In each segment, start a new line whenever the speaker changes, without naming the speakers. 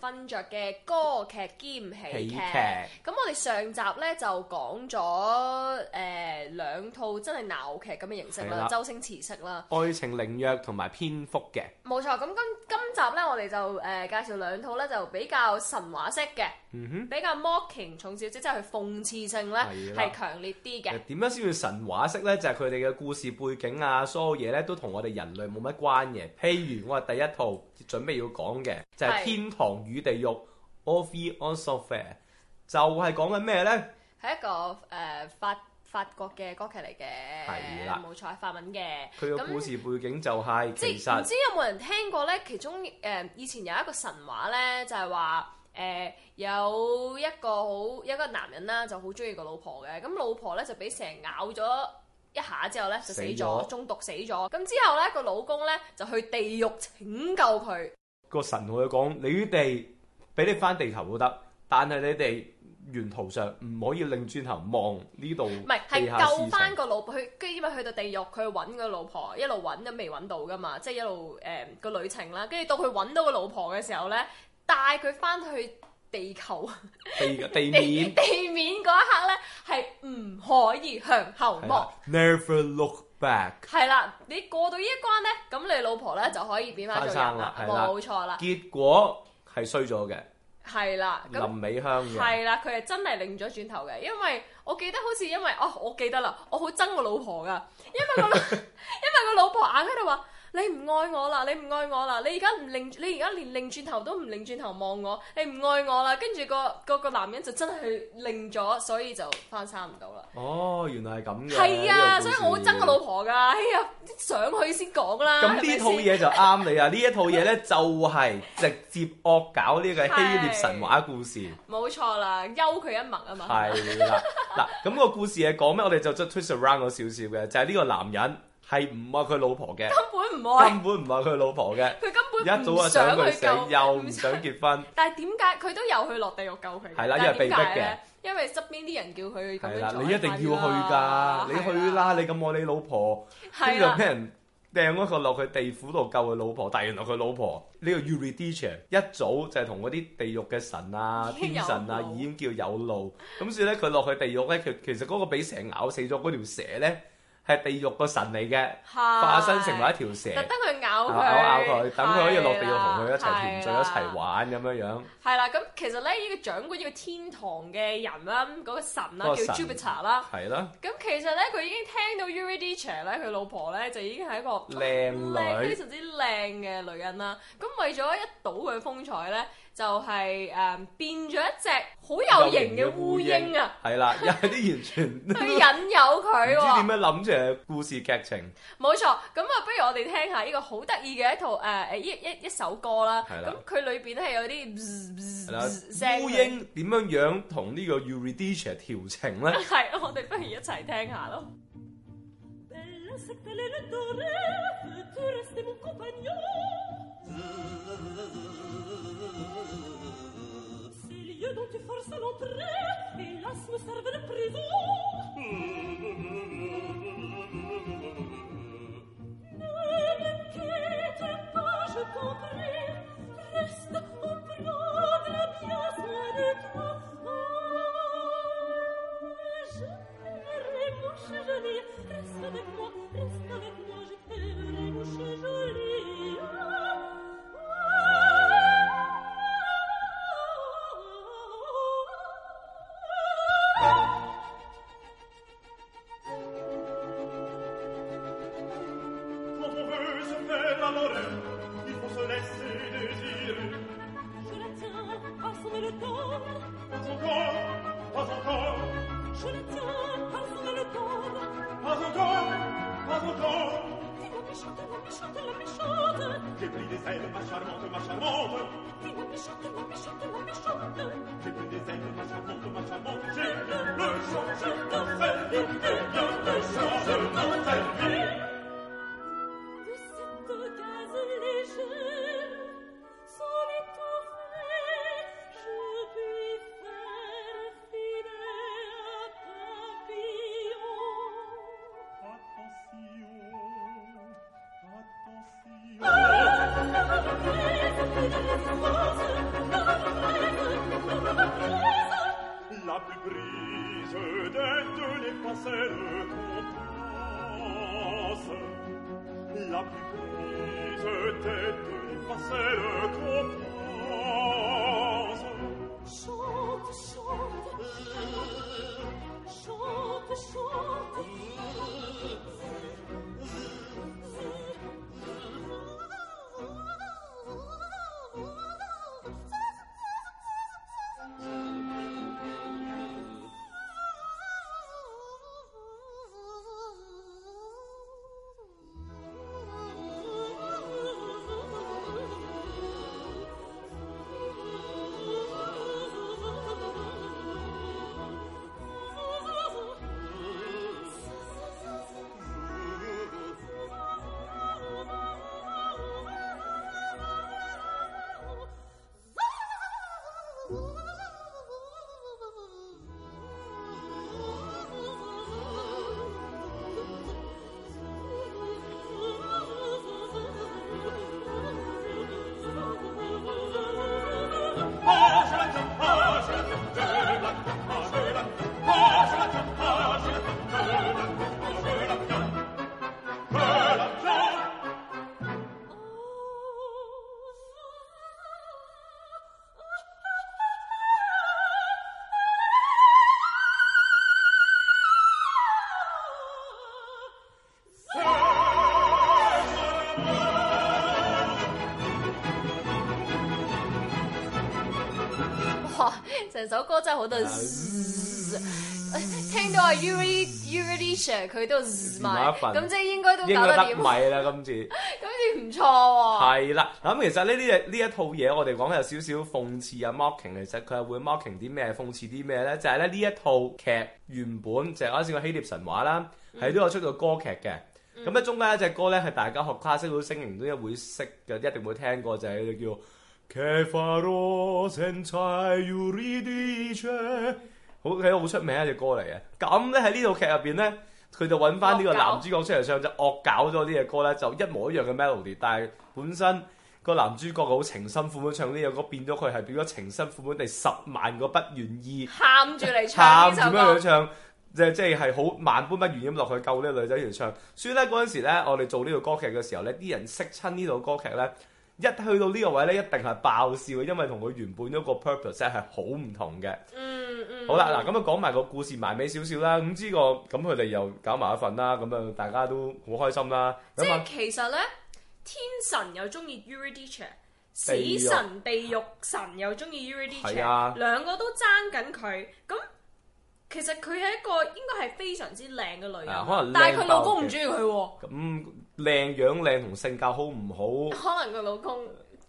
瞓着嘅歌劇兼喜劇，咁劇我哋上集咧就講咗誒、呃、兩套真係鬧劇咁嘅形式啦，了周星馳式啦，
愛情靈藥同埋蝙蝠嘅，
冇錯。咁今今集咧，我哋就誒、呃、介紹兩套咧，就比較神話式嘅，嗯、哼，比較 mocking 重少少，即係佢諷刺性咧係了強烈啲嘅。
點樣先叫神話式咧？就係佢哋嘅故事背景啊，所有嘢咧都同我哋人類冇乜關嘅。譬如我係第一套準備要講嘅就係、是、天堂與地獄，All ye unsuffer 就係講緊咩呢？
係一個誒法法國嘅歌劇嚟嘅，係啦，冇錯，法文嘅。佢個故事
背景就係，其實唔知
有冇人聽過呢。其中誒以前有一個神話呢，就係話誒有一個好一個男人啦，就好中意個老婆嘅。咁老婆呢就俾蛇咬咗一下之後呢就死咗，中毒死咗。咁之後呢個老公呢就去地獄拯救佢。
個神同佢講：你哋俾你翻地球都得，但係你哋沿途上唔可以擰轉頭望呢度。唔係，係救翻
個老婆。跟住因為去到地獄，佢揾個老婆，一路揾都未揾到噶嘛。即係一路誒個旅程啦。跟住到佢揾到個老婆嘅時候咧，帶佢翻去地球。
地地面 地，
地面嗰一刻咧，係唔可以向後望。
Never look
係啦 Back.，你過到呢一關咧，咁你老婆咧就可以變翻做人啦，冇錯啦。錯，結
果係衰咗嘅，
係啦，林
美香嘅，
係啦，佢係真係擰咗轉頭嘅，因為我記得好似因為哦，我記得啦，我好憎我老婆噶，因為、個 因為個老婆硬喺度話。你唔愛我啦，你唔愛我啦，你而家唔擰，你而家連擰轉頭都唔擰轉頭望我，你唔愛我啦。跟住個個男人就真係擰咗，所以就翻差唔到啦。
哦，原來係咁嘅。係啊，所以我好憎個老
婆㗎。哎呀，上去先講啦。咁呢套嘢
就啱你啊！呢 一套嘢咧就係直接惡搞呢個希臘神話故事。
冇錯啦，幽佢一默啊嘛。係啦、
啊，嗱，咁個故事係講咩？我哋就 twist around 咗少少嘅，就係、是、呢個男人。係唔愛佢老婆嘅，
根本唔愛，根
本唔愛佢老婆嘅。佢根本一早想佢死，又唔想結婚。
但係點解佢都又去落地獄救佢？係啦，因為被逼嘅。因為側邊啲人叫佢去。係啦，你一定要去噶，你
去啦，你咁愛你老婆，
咁就俾人
掟嗰個落去地府度救佢老婆。但係原來佢老婆呢個 Eurydice 一早就係同嗰啲地獄嘅神啊、天神啊已經叫有路，咁所以咧佢落去地獄咧，其其實嗰個俾蛇咬死咗嗰條蛇咧。係地獄個神嚟嘅，化身成為一條蛇，特登
佢咬佢，咬佢，等佢可以落地獄同佢一齊團聚，的一齊
玩咁樣樣。
係啦，咁其實咧，呢、這個掌管呢個天堂嘅人啦，嗰、那個神啦，神叫 Jupiter 啦的，係啦。咁其實咧，佢已經聽到 Uridia 咧，佢老婆咧就已經係一個靚女，非常之靚嘅女人啦。咁為咗一睹佢風采咧。就係誒變咗一隻好有型嘅烏蠅啊！
係啦，又係啲完全
去引誘佢，唔知點樣
諗住嘅故事劇情。
冇錯，咁啊，不如我哋聽下呢個好得意嘅一套誒誒一一一首歌啦。係啦，咁佢裏邊咧係有啲烏蠅
點樣樣同呢個 Eurydice 調情咧？係，
我哋不如一齊聽下咯。成首歌真係好多，嗯、聽到啊 u r y u l y uri che, s e 佢都賣，咁即係應該都搞得掂。應該得米啦，今次。今次唔錯喎。
係啦，咁、嗯、其實呢呢一套嘢，我哋講有少少諷刺啊，mocking。Ing, 其實佢係會 mocking 啲咩，諷刺啲咩咧？就係、是、咧呢一套劇原本，本就啱先個希臘神話啦，係、嗯、都有出咗歌劇嘅。咁咧、嗯、中間一隻歌咧，係大家學跨式好星形都一會識嘅，一定會聽過，就係、是、叫。Kefaros and I, Euridice 好喺好出名啊隻歌嚟嘅，咁咧喺呢套劇入邊咧，佢就揾翻呢個男主角出嚟唱就惡搞咗呢隻歌咧，就一模一樣嘅 melody，但係本身個男主角好情深款款唱呢隻歌，變咗佢係變咗情深款款地十萬個不願意，
喊住你唱,著唱就是，
即係即係係好萬般不願意落去救呢個女仔出嚟唱，所以咧嗰陣時咧我哋做呢套歌劇嘅時候咧，啲人識親呢套歌劇咧。一去到呢個位咧，一定係爆笑嘅，因為同佢原本嗰個 purpose 係好唔同嘅、嗯。嗯好吧嗯。好啦，嗱咁啊，講埋個故事埋尾少少啦。咁呢個咁佢哋又搞埋一份啦，咁啊大家都好開心啦。即係是麼
其實呢，天神又中意 Uridia，死神、地獄，嗯、地獄神又中意 Uridia，、啊、兩個都爭緊佢。咁其實佢係一個應該係非常之靚嘅女人，嗯、可能但係佢老公唔中意佢喎。
咁、嗯靚樣靚同性格好唔好？可
能個老公，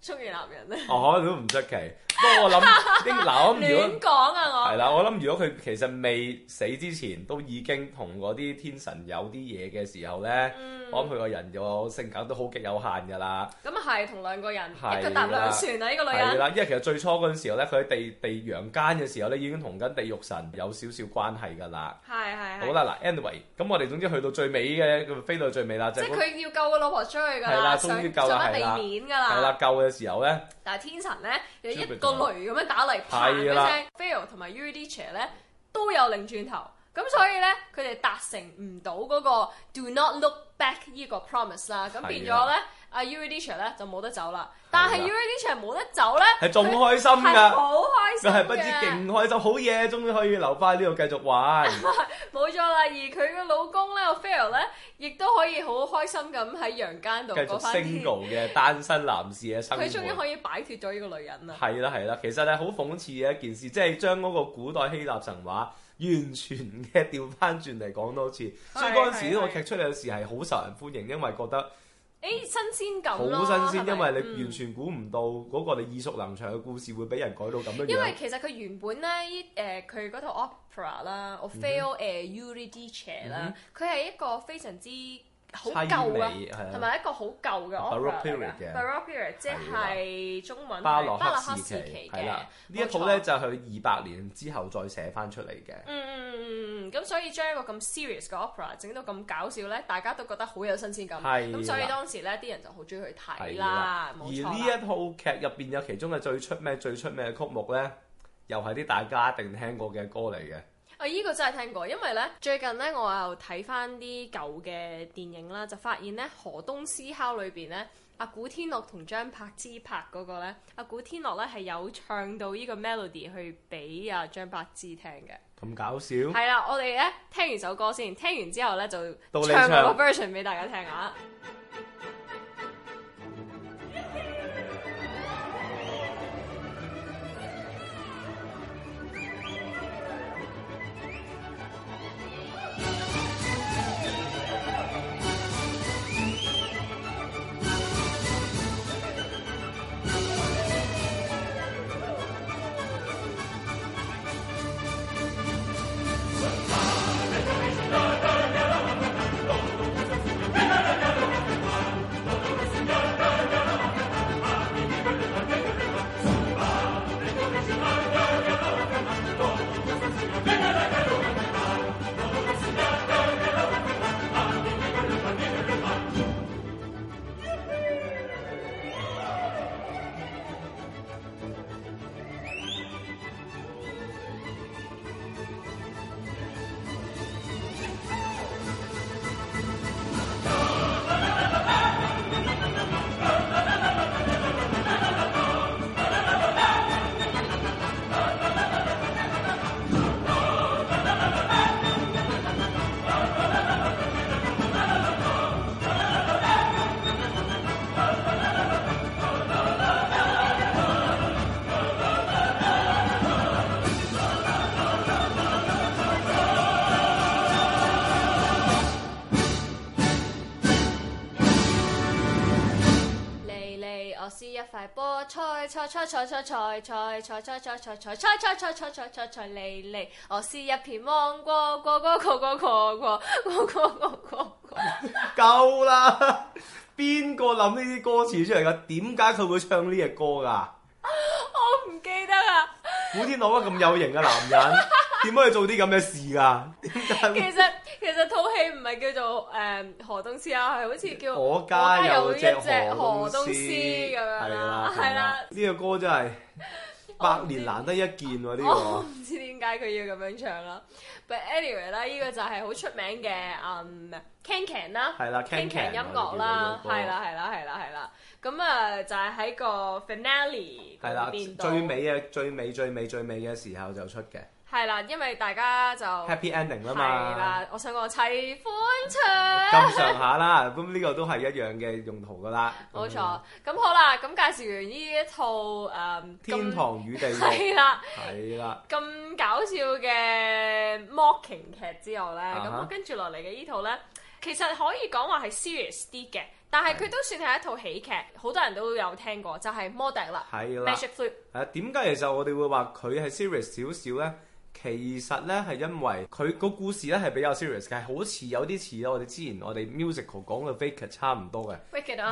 鍾意男
人咧，哦，可能都唔出奇。不過我諗點講啊，我諗如
果係啦，
我諗如果佢其實未死之前都已經同嗰啲天神有啲嘢嘅時候咧，我諗佢個人個性格都好極有限㗎啦。
咁啊係同兩個人，一腳踏兩船啊，呢個女人。係啦，因
為其實最初嗰陣時候咧，佢喺地地陽間嘅時候咧，已經同緊地獄神有少少關係㗎啦。係係
係。好啦
嗱，anyway，咁我哋總之去到最尾嘅飛到最尾啦，即係佢
要救個老婆出去㗎，終於救地免㗎啦，係啦，
救嘅。時候咧，
但係天神咧，有一個雷咁樣打嚟，啪嘅聲，Phil 同埋 Udicher 咧都有擰轉頭，咁所以咧佢哋達成唔到嗰個 do not look back 呢個 promise 啦，咁變咗咧。阿、uh, Uridia 咧就冇得走啦，了但係 Uridia 冇得走咧係仲開心噶，好開心，但係不知勁
開心，好嘢，終於可以留翻呢度繼續玩。
冇錯啦，而佢嘅老公咧，我 f e e r 呢，咧，亦都可以好開心咁喺陽間度繼續 single 嘅單
身男士嘅生活。佢終於可
以擺脫咗呢個女人啦。係
啦係啦，其實係好諷刺嘅一件事，即係將嗰個古代希臘神話完全嘅調翻轉嚟講多次。的所以嗰陣時呢個劇出嚟嘅時係好受人歡迎，因為覺得。
誒，新鮮感好新鮮，係咪因為你完全
估唔到嗰個你耳熟能詳嘅故事會俾人改到咁樣。因為其
實佢原本咧，誒佢嗰套 opera 啦，op era, 嗯哼《我 Feel A u l y chair 啦，佢係一個非常之。好舊啊，同埋一個好舊嘅 opera 嘅，re, 即係中文了巴洛克時期嘅。
呢一套呢，就係佢二百年之後再寫翻出嚟嘅。錯
嗯嗯嗯咁所以將一個咁 serious 嘅 opera 整到咁搞笑呢，大家都覺得好有新鮮感。咁了所以當時呢啲人就好中意去睇啦。了啊、而呢一
套劇入邊有其中嘅最出名、最出名嘅曲目呢，又係啲大家一定聽過嘅歌嚟嘅。
啊！依、這個真係聽過，因為呢最近呢，我又睇翻啲舊嘅電影啦，就發現呢，河東獅吼裏邊呢，阿、啊、古天樂同張柏芝拍嗰，那個咧，阿、啊、古天樂呢係有唱到呢個 melody 去俾阿張柏芝聽嘅。
咁搞笑！係
啦，我哋呢聽完首歌先，聽完之後呢，就唱個 version 俾大家聽下。大菠菜菜菜菜菜菜菜菜菜菜菜菜菜菜菜菜菜菜我是一片芒果果果果果果果果果果
果，夠啦！邊個諗呢啲歌詞出嚟噶？點解佢會唱呢隻歌噶？
我唔記得喇。
古天樂咁有型嘅男人，點可以做啲咁嘅事㗎？點解？
其實其實套戲唔係叫做誒、嗯、河東獅啊，係好似叫我家有隻何一隻河東獅咁樣啦，係啦。
呢了了個歌真係。百年難得一見喎，呢個唔
知點解佢要咁樣唱啦。But anyway 啦，呢個就係好出名嘅啊，can can 啦，can can 音樂啦，係啦係啦係啦係啦，咁啊就係喺個 finale 邊度，係啦，最美
嘅最美最美最美嘅時候就出嘅。
係啦，因為大家就
happy ending 啦嘛。係啦，
我想講齊歡唱咁上下
啦，咁呢個都係一樣嘅用途噶啦。冇錯，
咁好啦，咁介紹完呢一套誒天堂
與地獄係啦，係啦，
咁搞笑嘅 mocking 劇之後咧，咁跟住落嚟嘅呢套咧，其實可以講話係 serious 啲嘅，但係佢都算係一套喜劇，好多人都有聽過，就係魔笛啦，
係啦，Magic Flute。誒，點解其實我哋會話佢係 serious 少少咧？其實呢，係因為佢個故事呢係比較 serious 嘅，好似有啲似我哋之前我哋 musical 講嘅《Wicked》差唔多嘅，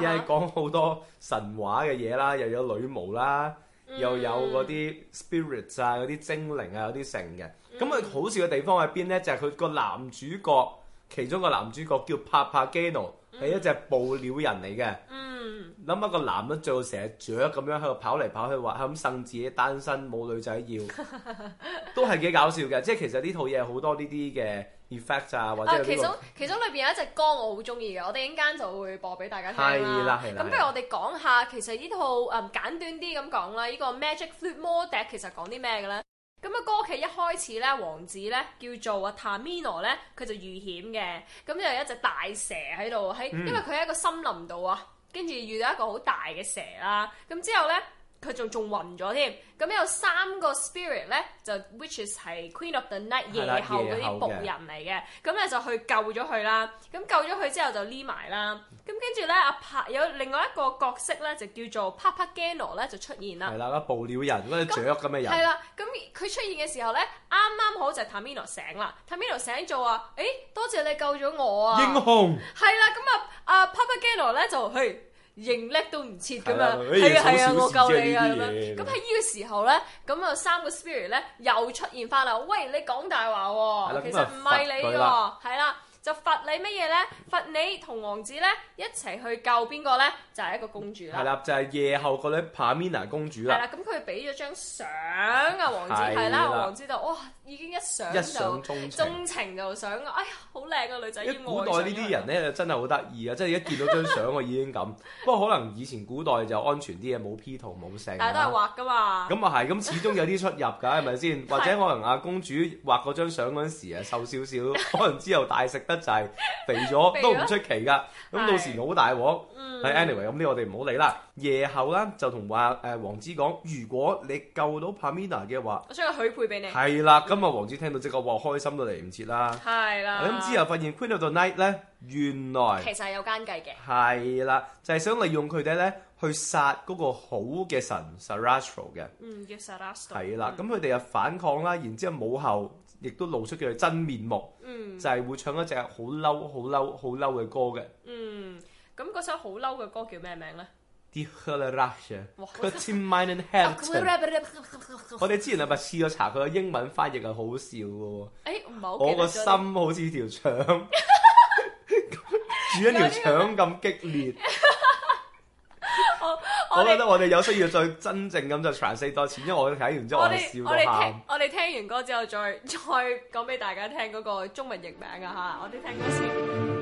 又係講好多神話嘅嘢啦，又有女巫啦，mm hmm.
又有嗰啲
spirits 啊、嗰啲精靈啊、有啲成嘅。咁佢、mm hmm. 好笑嘅地方喺邊呢？就係佢個男主角，其中個男主角叫帕帕基諾。係一隻捕鳥人嚟嘅，諗、嗯、一個男嘅做成日雀咁樣喺度跑嚟跑去，話咁呻自己單身冇女仔要， 都係幾搞笑嘅。即係其實呢套嘢好多呢啲嘅 effect 啊，或者呢、這個、啊。其中
其中裏邊有一隻歌我好中意嘅，我哋一陣間就會播俾大家聽啦。係啦，係啦。咁不如我哋講下，其實呢套誒、嗯、簡短啲咁講啦，呢、這個 Magic Flute 魔笛其實講啲咩嘅咧？咁啊，個歌劇一開始咧，王子咧叫做啊塔米 o 咧，佢就遇險嘅。咁就有一隻大蛇喺度，喺、嗯、因為佢喺一個森林度啊，跟住遇到一個好大嘅蛇啦。咁之後咧。佢仲仲暈咗添，咁有三個 spirit 咧，就 which is 係 Queen of the Night 了夜后嗰啲僕人嚟嘅，咁咧就去救咗佢啦。咁救咗佢之後就匿埋啦。咁跟住咧阿拍有另外一個角色咧就叫做 Papageno 咧就出現啦。係啦，
嗰捕鳥人嗰啲雀咁嘅人。係啦，
咁佢出現嘅時候咧，啱啱好就 Tamino、erm、醒啦。Tamino、erm、醒咗話：誒、欸，多謝你救咗我啊！英雄。係啦，咁啊、uh, Papageno 咧就去。認叻都唔切咁樣，係啊係啊，我救你啊咁樣。咁喺呢個時候咧，咁啊三個 spirit 咧又出現翻啦。喂，你講大話喎，其實唔係你喎，係啦，就罰你乜嘢咧？罰你同王子咧一齊去救邊個咧？就係一個公主啦。係啦，
就係夜後嗰女帕米娜公主啦。係啦，
咁佢俾咗張相啊，王子係啦，王子就哇！已經一想情一想鍾情，情就想，哎呀，好靚啊！女仔，古代呢
啲人咧真係好得意啊！ 即係一見到張相，我已經咁。不過可能以前古代就安全啲嘅，冇 P 圖冇聲，但係都係畫
噶嘛。咁
啊係，咁、嗯、始終有啲出入㗎，係咪先？或者可能阿公主畫嗰張相嗰陣時啊瘦少少，可能之後大食得滯，肥咗 都唔出奇㗎。咁到時好大鑊。嗯。anyway，咁呢我哋唔好理啦。夜后啦，就同話誒王子講：如果你救到 Pamina 嘅話，
我將佢許配俾你。係
啦，今日王子聽到即刻話開心到嚟唔切啦。
係啦的。咁之後
發現《Queen of the Night》咧，原來其實有奸計嘅。係啦，就係、是、想利用佢哋咧去殺嗰個好嘅神 Sarastro 嘅。嗯，叫 Sarastro 的。係啦、嗯，咁佢哋又反抗啦，然之後母后亦都露出佢嘅真面目，嗯，就係會唱一隻好嬲、好嬲、好嬲嘅歌嘅。嗯，
咁嗰首好嬲嘅歌叫咩名咧？
Declaration。
我哋
之前係咪試過查佢嘅英文翻譯係好笑嘅、
欸？我個心
好似條腸，煮 一條腸咁激烈。這
個、我，我，我覺得我
哋有需要再真正咁再 translate 多次，因為我睇完之後我哋笑嘅
我哋聽，聽完歌之後再再講俾大家聽嗰個中文譯名啊！吓，我哋聽歌先。啊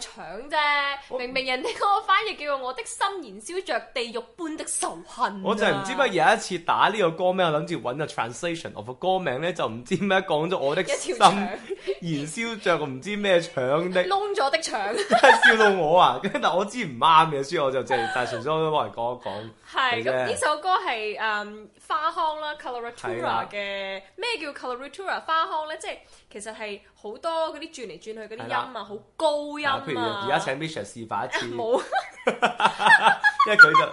搶啫！我明明人哋嗰個翻譯叫做《我的心燃燒着地獄般的仇恨》啊。我就係唔知咩，有
一次打呢個歌，打個歌名，我諗住揾個 translation of 個歌名咧，就唔知咩講咗我的心一。 燃燒着個唔知咩腸的，
窿咗的腸，
笑到我啊！ 但我知唔啱嘅，所以我就淨，但係純粹都攞嚟講一講。係咁的，呢首
歌係誒、嗯、花腔啦，coloratura 嘅咩是的 叫 coloratura 花腔咧？即係其實係好多嗰啲轉嚟轉去嗰啲音啊，好是的 高音、啊啊、譬如而家
請 Micheal 示範一次、欸，冇， 因為佢就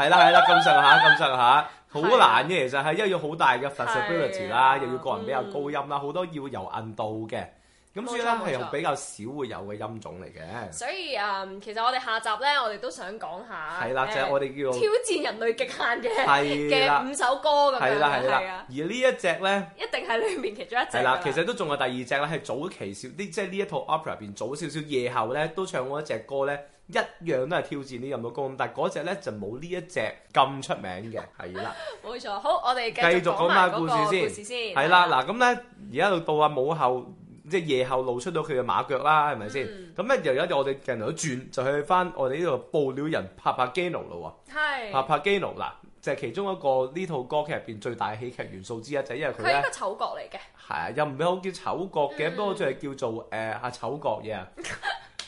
係啦係啦，咁上下咁上下。好難嘅，其實係因為要好大嘅 flexibility 啦的，又要個人比較高音啦，好、嗯、多要柔韌度嘅，咁錯所以咧係用比較少會有嘅音種嚟嘅。所
以、嗯、其實我哋下集咧，我哋都想講下係啦，就係、是、我哋叫做挑戰人類極限嘅嘅的五首歌咁樣，係啦係啦。的的而
呢一隻呢，一
定係裏面其中一隻啦。其實
都仲有第二隻啦，係早期少啲，即係呢一套 opera 入邊早少少夜後咧，都唱過一隻歌咧。一樣都係挑戰啲咁嘅歌，但係嗰隻咧就冇呢一隻咁出名嘅，係啦。
冇錯，好，我哋繼續講埋嗰個故事先，係啦、
嗯，嗱，咁咧而家到到阿母后，即、就、係、是、夜后露出到佢嘅馬腳啦，係咪先？咁咧又有我哋鏡頭轉，就去翻我哋呢度報料人帕帕基奴咯，
係帕帕
基奴嗱，就係、是、其中一個呢套歌劇入邊最大喜劇元素之一，就係、是、因為佢係一個丑角嚟嘅，係又唔係好叫丑角嘅，不過就係叫做誒啊丑角嘅。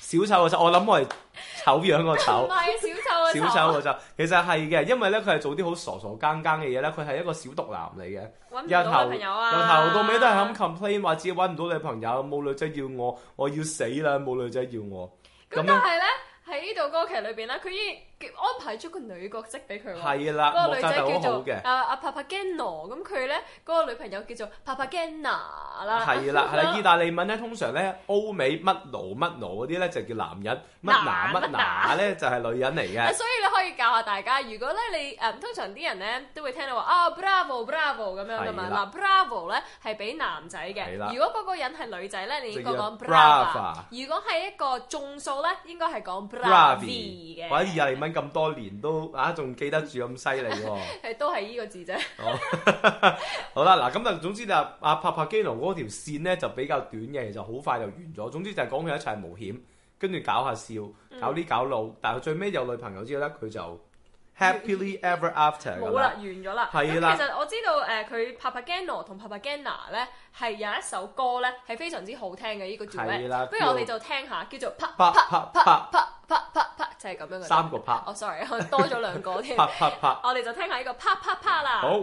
小丑我就我諗我係醜樣個醜， 唔
係小
丑，小丑我就
其實係嘅，因為咧佢係做啲好傻傻更更嘅嘢咧，佢係一個小毒男嚟嘅，由、啊、頭由頭到尾都係咁 complain 話自己揾唔到女朋友，冇女仔要我，我要死啦，冇女仔要我，咁但係
咧喺呢度、嗯、歌劇裏邊咧，佢已。安排咗個女角色俾佢，嗰的個女仔叫做誒阿、啊、帕帕 Geno，咁佢咧嗰、那個女朋友叫做帕帕 Gena 啦的。係啦、啊，係啦，意
大利文咧通常咧歐美乜奴乜奴嗰啲咧就叫、是、男人，乜乸乜乸咧就係、是、女人嚟嘅。所
以你可以教下大家，如果咧你誒通常啲人咧都會聽到話啊 Bravo Bravo 咁樣噶嘛。嗱 Bravo 咧係俾男仔嘅，的如果嗰個人係女仔咧，你應該講 Brava。如果係一個眾數咧，應該係講 Bravi 嘅。或者
廿零蚊。咁多年都啊，仲記得住咁犀利喎，
係 都係呢個字啫。
好啦，嗱咁啊帕帕就、就，總之就阿帕帕基諾嗰條線咧就比較短嘅，就好快就完咗。總之就係講佢一齊冒險，跟住搞下笑，搞啲搞路，嗯、但係佢最尾有女朋友之後咧，佢就。Happily ever after 冇啦，
完咗啦。係啦，其實我知道誒，佢 Papageno 同 Papagena 咧係有一首歌咧係非常之好聽嘅，呢個叫咩？係啦，不如我哋就聽下，叫做啪啪啪啪啪啪啪，就係咁樣嘅。三個啪。哦，sorry，我多咗兩個添。啪啪啪。我哋就聽下依個啪啪啪啦。好。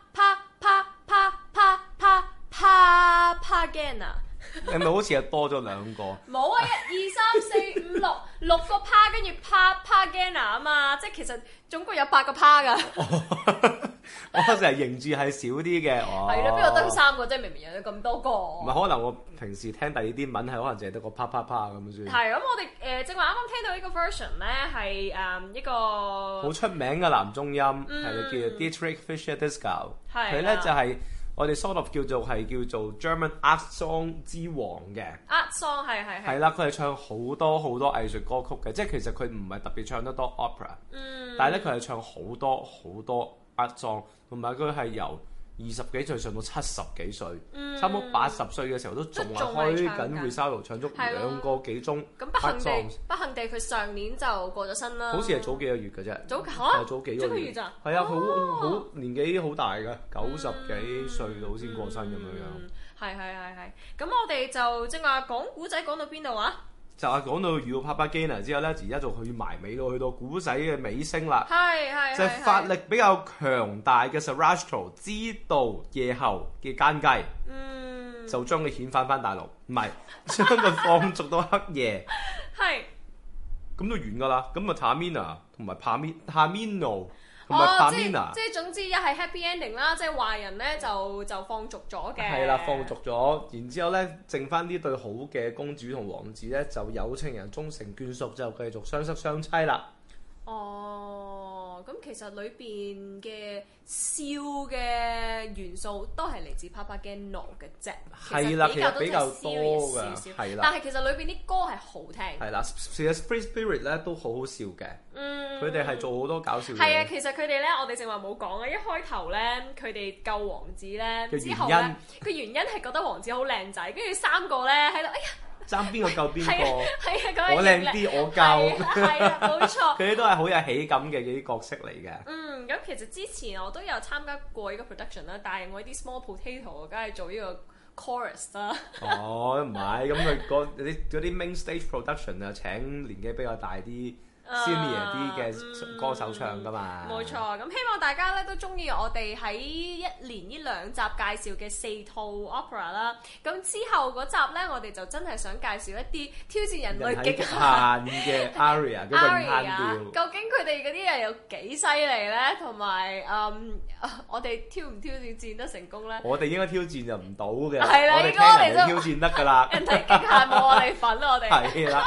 Gena，
係咪好似又多咗兩個？
冇啊 沒，一、二、三、四、五、六，六個趴，跟住趴趴 Gena n 啊嘛，即係其實總共有八個趴噶、
哦。我成日認住係少啲嘅，係咯、 哦，邊度得三
個啫？明明有咁多個。唔
係可能我平時聽第二啲文係可能淨係得個趴趴趴咁樣算。係
咁，我哋誒正話啱啱聽到呢個 version 咧係誒一個
好、嗯、出名嘅男中音，係叫 Dietrich Fischer-Dieskau 佢咧就係、是。我哋蘇立叫做係叫做 German Art Song 之王嘅
，Art Song 係係係，係啦，
佢係唱好多好多藝術歌曲嘅，即係其實佢唔係特別唱得多 Opera，嗯，
但係咧佢係
唱好多好多 Art Song，同埋佢係由二十幾歲上到七十幾歲，嗯、差唔多八十歲嘅時候都仲開緊《瑞沙路》，唱足兩個幾鐘。不幸地，
不幸地，佢上年就過咗身啦。好似係
早幾個月嘅啫，早、啊、早幾個月咋？係啊，佢好哦、好好年紀好大嘅，九十幾歲到先過身咁樣、嗯、樣。
係係係係，咁我哋就正話講古仔講到邊度啊？
就係講到遇到帕帕基諾之後咧，而家就去埋尾到，去到古仔嘅尾聲啦。係係係。就係法力比較強大嘅薩拉斯托知道夜后嘅奸計，嗯，
就
將佢遣返翻大陸，唔係將佢放逐到黑夜。
係是。
咁就完㗎啦。咁啊，塔米娜同埋帕米塔米諾。Erm、哦，即係即係
總之一係 happy ending 啦，即係壞人咧就就放逐咗嘅。係啦，放
逐咗，然之後咧剩翻啲對好嘅公主同王子咧，就有情人終成眷屬，就繼續相識相妻啦。
哦。咁、哦、其實裏邊嘅笑嘅元素都係嚟自《Papageno》嘅啫，係啦，其實比較多嘅係啦。但係其實裏邊啲歌係好聽係
啦。其實《Free Spirit, Spirit》咧都好好笑嘅，嗯，佢哋係做好多搞笑。係啊，其
實佢哋咧，我哋正話冇講啊。一開頭咧，佢哋救王子咧，之後咧佢原因係 覺得王子好靚仔，跟住三個咧喺度哎呀。
爭邊個夠邊個？係啊，啊那個、我靚啲，我夠。係啊，冇錯，
啊。佢
哋 都係好有喜感嘅啲角色嚟嘅。嗯，
咁其實之前我都有參加過呢個 production 啦，但係我啲 small potato 梗係做呢個 chorus 啦。
哦，唔係，咁佢啲嗰啲 main stage production 啊，請年紀比較大啲，senior 啲嘅歌手唱噶嘛？冇錯，
咁希望大家咧都中意我哋喺一連呢兩集介紹嘅四套 opera 啦。咁之後嗰集咧，我哋就真係想介紹一啲挑戰人類極限嘅
aria。究
竟佢哋嗰啲人有幾犀利咧？同埋嗯，我哋挑唔挑戰得成功咧？我哋
應該挑戰就唔到嘅，我哋都挑戰得噶啦。
人體極限冇我哋份，我哋係啦。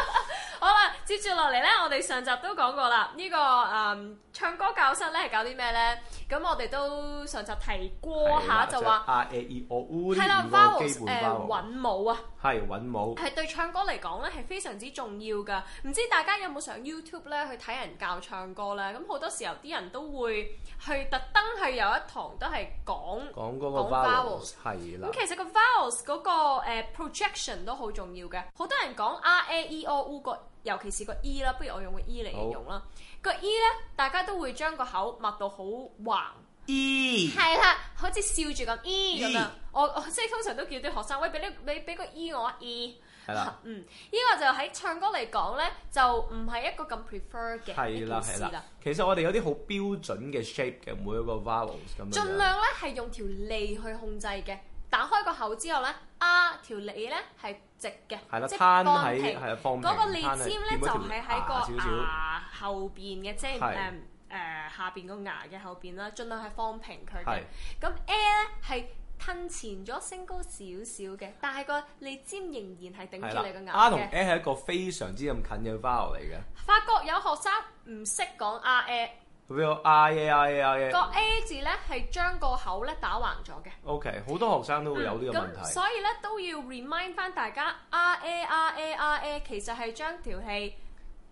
好啦，接住落嚟咧，我哋上集都講過啦，呢、這個誒、嗯、唱歌教室咧係搞啲咩咧？咁我哋都上集提過下就話
，R A E O U 係啦，vowels 誒韻母啊，係韻母。係、啊嗯、
對唱歌嚟講咧係非常之重要噶。唔知大家有冇上 YouTube 咧去睇人教唱歌呢？咁好多時候啲人都會去特登係有一堂都係講講嗰個 vowels
係啦。咁、嗯、其實
個 vowels 嗰、那個、呃、projection 都好重要嘅，好多人講 R A E O U 個尤其是個 E 啦，不如我用個 E 嚟形容啦。好個 E 咧，大家都會將個口擘到好橫。
E 係啦，
好似笑住咁 E 咁樣。我我即係通常都叫啲學生，喂，俾你俾俾個 E 我啊 E。係啦了，嗯。呢個就喺唱歌嚟講咧，就唔係一個咁 prefer 嘅。係啦，係啦。
其實我哋有啲好標準嘅 shape 嘅每一個 vowels 咁樣。盡量
咧係用條脷去控制嘅。打開個口之後咧，R 條脷咧係直嘅，的即係放平，嗰個脷尖咧就係喺個牙嘅後邊嘅，即係誒誒下邊個牙嘅後邊啦，盡量係放平佢嘅。咁 a 咧係吞前咗升高少少嘅，但係個脷尖仍然係頂住你個牙嘅。R 同 E
係一個非常之咁近嘅 vowel 嚟嘅。
發覺有學生唔識講 R E。啊
佢俾我 R A R A R A 個
A 字咧係將個口咧打橫咗嘅。
O K，好多學生都會有呢個問題，嗯。咁所
以咧都要 remind 翻大家 R A R A R A 其實係將條氣。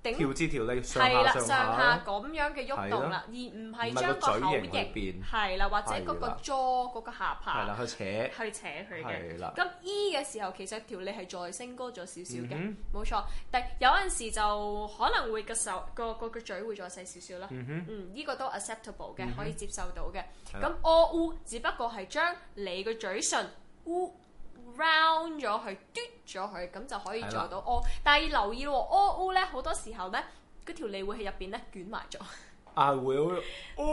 調節
條脷係啦，上下上下
咁樣嘅喐動啦，而唔係將個口型係啦，或者嗰個 jaw 嗰個下巴，係啦
去扯去
扯佢嘅。咁 E 嘅時候，其實條脷係再升高咗少少嘅，冇錯。但有陣時就可能會個手個個個嘴會再細少少啦。嗯哼，呢個都 acceptable 嘅，可以接受到嘅。咁 O U 只不過係將你個嘴唇 U。Round 咗佢，嘟咗佢，咁就可以做到屙。對了 但係留意喎，屙 O 咧，好多時候咧，嗰條脷會喺入邊咧捲埋咗。
I will，O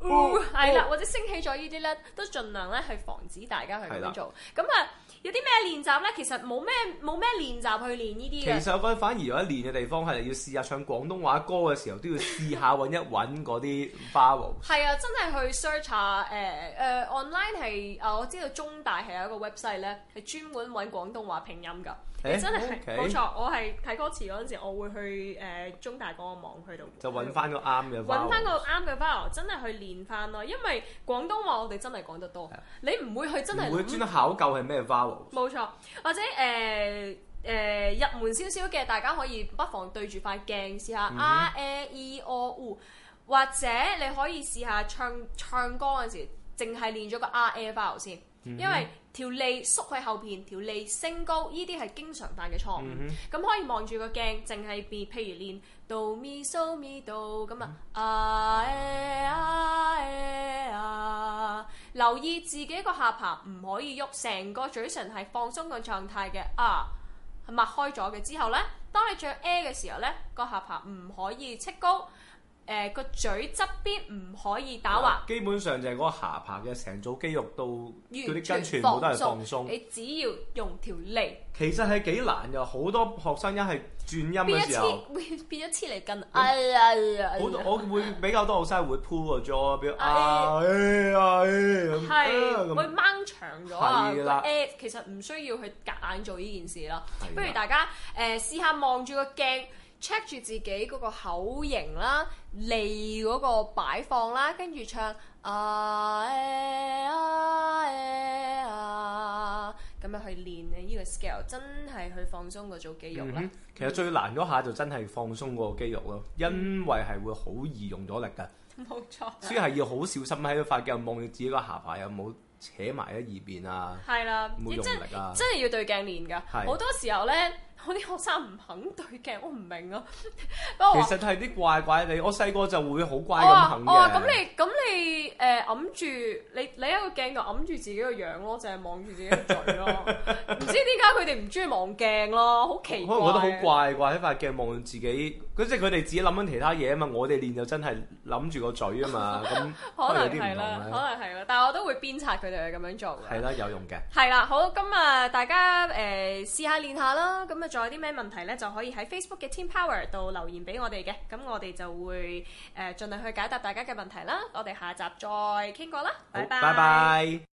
O 係啦，或者升起咗呢啲咧，都盡量咧去防止大家去咁做。咁啊對了。有啲咩練習咧？其實冇咩冇咩練習去練呢啲嘅。其實我
覺得反而有一練嘅地方，係要試下唱廣東話歌嘅時候，都要試下揾一揾嗰啲花無。
係啊，真係去 search 下誒誒、呃呃、online 係啊，我知道中大係有一個 website 咧，係專門揾廣東話拼音㗎。欸、你真係係冇錯，我係睇歌詞嗰陣時，我會去、呃、中大嗰個網去度就揾翻
個啱嘅揾翻個
啱嘅 vowel 真係去練翻咯。因為廣東話我哋真係講得多，的你唔會去真係專
考究係咩 vowel
冇錯，或者、呃呃、入門少少嘅，大家可以不妨對住塊鏡試下、嗯、哼 R A E O U，或者你可以試下唱唱歌嗰陣時，淨係練咗個 R A vowel 先。因為條脷縮喺後邊，條脷升高，呢啲係經常犯嘅錯誤。咁、嗯、哼可以望住個鏡，淨係變，譬如練 do mi so mi do 咁啊。留意自己個下巴唔可以喐，成個嘴唇係放鬆個狀態嘅啊，擘開咗嘅之後呢，當你着 a 嘅時候呢，個下巴唔可以戚高。誒，個嘴側邊唔可以打橫，
基本上就係嗰個下巴嘅成組肌肉到，嗰啲筋全部都係放鬆。你
只要用條脷，
其實係幾難㗎，好多學生一係轉音嘅一次
變一變一嚟筋，哎呀！好，我
會比較多學生會 pull 個 jaw 哎呀咁，係會
掹長咗，其實唔需要去夾硬做呢件事咯。不如大家誒，試下望住個鏡。Check 住自己嗰個口型啦，脷嗰個擺放啦，跟住唱啊，咁、欸啊欸啊、樣去練呢？個、呢個 scale 真係去放鬆嗰組肌肉啦、嗯。其
實最難嗰下就真係放鬆嗰個肌肉咯，嗯、因為係會好易用咗力噶。冇
錯、嗯。所以係
要好小心喺度發鏡，望住自己個下巴又有冇扯埋喺一邊啊？
係啦，即真係要對鏡練㗎。好是多時候咧。我啲學生唔肯對鏡，我唔明啊！不過其實係
啲怪怪你我細個就會好乖咁肯嘅的、哦啊。咁、哦、你
咁你誒、呃、揞住你你喺個鏡度揞住自己個樣咯，淨係望住自己個嘴咯。唔 知點解佢哋唔中意望鏡咯，好奇怪、啊我我。我覺得好怪
怪喺塊鏡望自己，即係佢哋自己諗緊其他嘢啊嘛。我哋練就真係諗住個嘴啊嘛，咁 可能係 啦，可能係啦。
但係我都會鞭策佢哋咁樣做。係啦，有用嘅。係啦，好，今日大家誒、呃、試下練下啦，咁啊。再有啲咩問題咧，就可以喺 Facebook 嘅 Team Power 度留言俾我哋嘅，咁我哋就會誒盡量去解答大家嘅問題啦。我哋下集再傾過啦，好拜拜。拜拜。